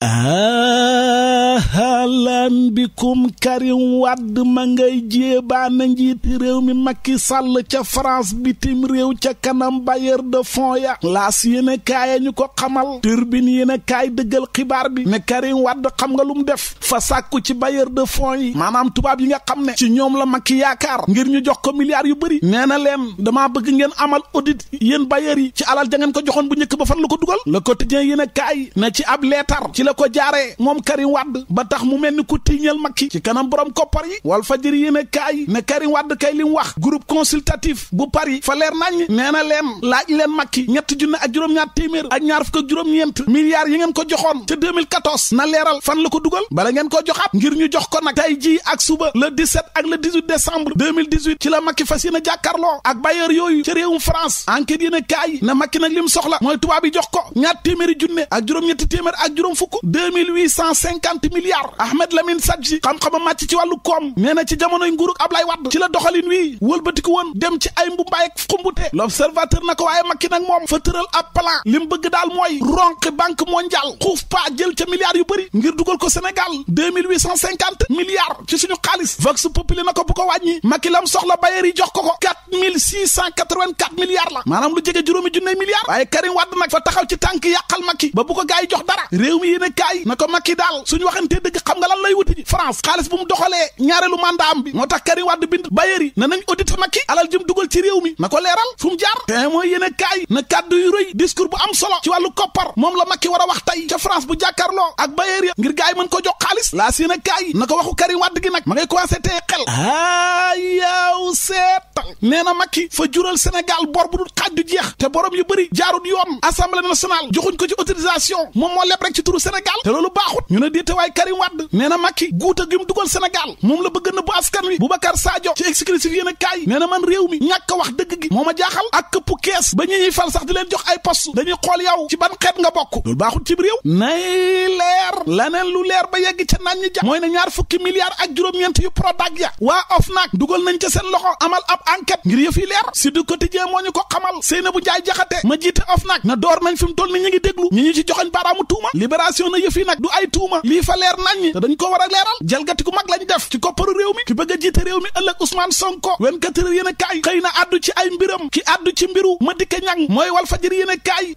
啊。ahlan bikum Karim Wade ma ngay jéebaana njiiti réew mi Macky Sall ca France bitim réew ca kanam bailleur de fon ya laas yéen kaaya ñu ko xamal turbine yéen kaay dëggal xibaar bi ne Karim Wade xam nga lu def fa sàkku ci bailleur de fon yi maanaam tubaab yi nga xam ne ci ñoom la Macky yaakaar ngir ñu jox ko milliards yu bëri nee na leen damaa bëgg ngeen amal audit yéen bailleurs yi ci alal ja ngeen ko joxoon bu njëkk ba fan la ko dugal Le Quotidien yéen kaay na ci ab leetar ci la ko jaaree moom Karim mu mel ni ku tiiñal Macky ci kanam borom koppar yi wal fajir yéene kaay ne Karim Wade kay li mu wax groupe consultatif bu Paris fa leer nañ nee na leen laaj leen Macky ñett junne ak juróom-ñaar téeméer ak ñaar fukk ak juróom-ñeent milliards yi ngeen ko joxoon ca 2014 na leeral fan la ko dugal bala ngeen ko joxaat ngir ñu jox ko nag tey ji ak suba le 17 ak le 18 ci la Macky fas ne jàkkaarloo ak bailleur yooyu ca réewum France enquête yéene kaay na Macky nag li mu soxla mooy tubaab yi jox ko ñaar téeméeri junne ak juróom-ñetti téeméer ak juróom fukk 2850 milliards Ahmed Lamine Sadji xam-xama màcc ci wàllu koom nee na ci jamonoy nguurug Ablaye Wade ci la doxalin wii wëlbatiku dem ci ay mbumbaay xumbute l'observateur na ko waaye makki nag moom fa tëral ab plan li mu bëgg daal mooy ronqi banque mondiale xuuf paa jël ca milliards yu bëri ngir dugal ko Sénégal 2850 milliards ci suñu xaalis vox populi na ko bu ko wàññi makki lam soxla bayeer yi jox ko ko 4684 milliards la maanaam lu jege juróomi junney milliards waaye Karim Wade a kaay na ko makki xam nga lan lay wuti ji France xaalis bu mu doxalee ñaareelu mandat am bi moo tax Karim Wade bind bailleurs yi ne nañ audité alal jëm dugal ci réew na ko leeral fu jaar te mooy yéen a kaay na kàddu yu rëy bu am solo ci wàllu koppar moom la Macky war a wax tey ca France bu jàkkaarloo ak bailleurs ya ngir gars yi ko jox xaalis laas yéen a kaay na ko waxu Karim Wade gi nag ma ngay commencé tee xel aa yow nee na Macky fa jural Sénégal bor bu dul xaaj du jeex te borom yu bëri jaarut yoon assemblée nationale joxuñ ko ci autorisation moom moo leb rek ci turu Sénégal ñu ne waay Karim Wade nee na Macky guuta gi mu la bëgg na bu askan wi Boubacar Sadio ci exclusif yéen a kaay nee na man réew mi ñàkk a wax dëgg gi moo ma jaaxal ak këpp kees ba ñu fal sax di leen jox ay poste dañuy xool yow ci ban xeet nga bokk loolu baaxut ci réew nay leer neen lu leer ba yegg ca naan ñi ja mooy ne ñaar fukki milliards ak juróom-ñeent yu Prodac ya waa OFNAC dugal nañ ca seen loxo amal ab enquête ngir yëf yi leer si du quotidien moo ñu na a a a addu ci ay mbiram ki addu ci mbiru Madické Niang mooy wal fajar yéen a kaay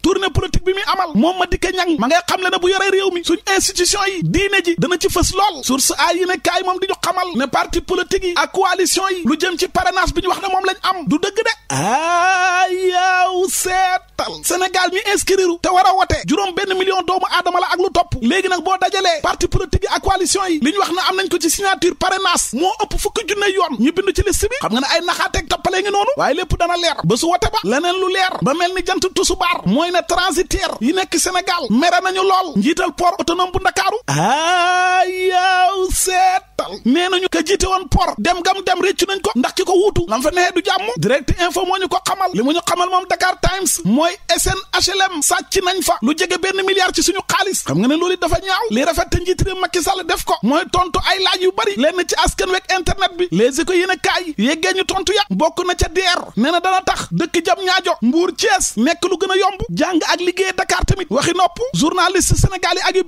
bi muy amal moom Madické Niang ma ngay xam le bu yore réew mi suñ institution yi diine ji dana ci fës lool source ay yéen a moom di ñu xamal ne parti politique yi ak coalition yi lu jëm ci parrainage bi ñu wax na moom lañ am du dëgg de ah yow seetal Sénégal mi inscrire te war a wote juróom benn million doomu aadama la ak lu topp léegi nag boo dajalee parti politique yi ak coalition yi li wax na am nañ ko ci signature parrainage moo ëpp fukki junne yoon ñu bind ci liste bi xam nga ne ay naxaateeg tappalee ngi noonu waaye lépp dana leer ba su wote ba leneen lu leer ba mel ni jant tusubaar mooy ne transitaire yi nekk Sénégal mere nañu lool njiital port autonome bu Ndakaaru ah yow seet dal nee nañu ka jiite woon port dem gam dem réccu nañ ko ndax ki ko wuutu lam fa nee du jàmm direct info moo ñu ko xamal li ñu xamal moom Dakar Times mooy SNHLM sàcc nañ fa lu jege benn milliard ci suñu xaalis xam nga ne loolu dafa ñaaw li rafet te njiit réew Macky Sall def ko mooy tontu ay laaj yu bari lenn ci askan wek internet bi les éco yéen a kaay yeggee ñu tontu ya bokk na ca deer nee na dana tax dëkk jam ñaajo mbuur Thiès nekk lu gën a yomb jàng ak liggéey Dakar tamit waxi nopp journaliste Sénégal yi ak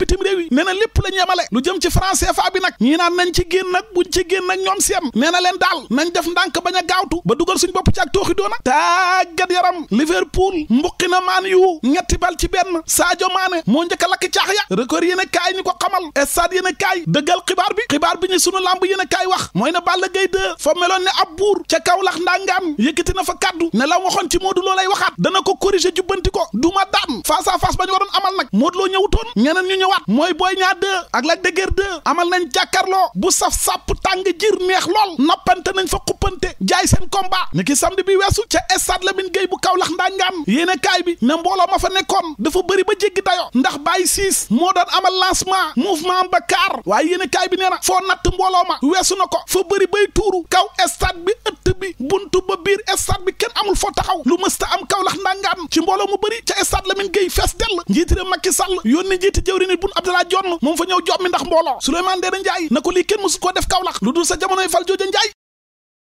la ñu jëm ci nag ñii naan nañ ci génn nag buñ ci génn nag ñoom siyam nee na leen daal nañ def ndànk bañ a gaawtu ba dugal suñ bopp ci ak tooxi doona tàggat yaram Liverpool mbuqi na maan yu ñetti bal ci benn Sadio Mané moo njëkk a lakk caax ya record yéen a kaay ñu ko xamal stade yéen a kaay dëggal xibaar bi xibaar bi ñu sunu lamb yéen kaay wax mooy na Balla Gaye 2 fa meloon ne ab buur ca Kaolack ndangaan yëkkati na fa kaddu ne la waxoon ci Modou Lo lay waxaat dana ko corriger ko du ma daan face à face ba ñu waroon amal nag Modou Lo ñëwutoon ñeneen ñu ñëwaat mooy Boy Niang jàkkarloo bu saf sàpp tàng jir neex lool noppante nañ fa xuppante jaay seen combat ni ki samedi bi weesu ca stade Lamine Gueye bu Kaolack ndaañngaan yéene kaay bi ne mbooloo ma fa nekkoon dafa bëri ba jéggi dayo ndax Baye Ciss moo doon amal lancement mouvement ba kaar waaye yéene kaay bi nee na foo natt mbooloo ma weesu na ko foo bëri bay tuuru kaw stade bi ëtt bi buntu ba biir stade bi kenn amul foo taxaw lu mësta am Kaolack ndaañngaan ci mbooloo mu bëri ca stade Lamine Gueye fees njiitire Macky Sall yónni njiiti jëwri nit bun Abdallah Jonn moom fa ñëw jommi ndax mbooloo Souleymane Ndéné Ndiaye na ko lii kenn koo def Kaolack lu dul sa jamonoy fal jooja Ndiaye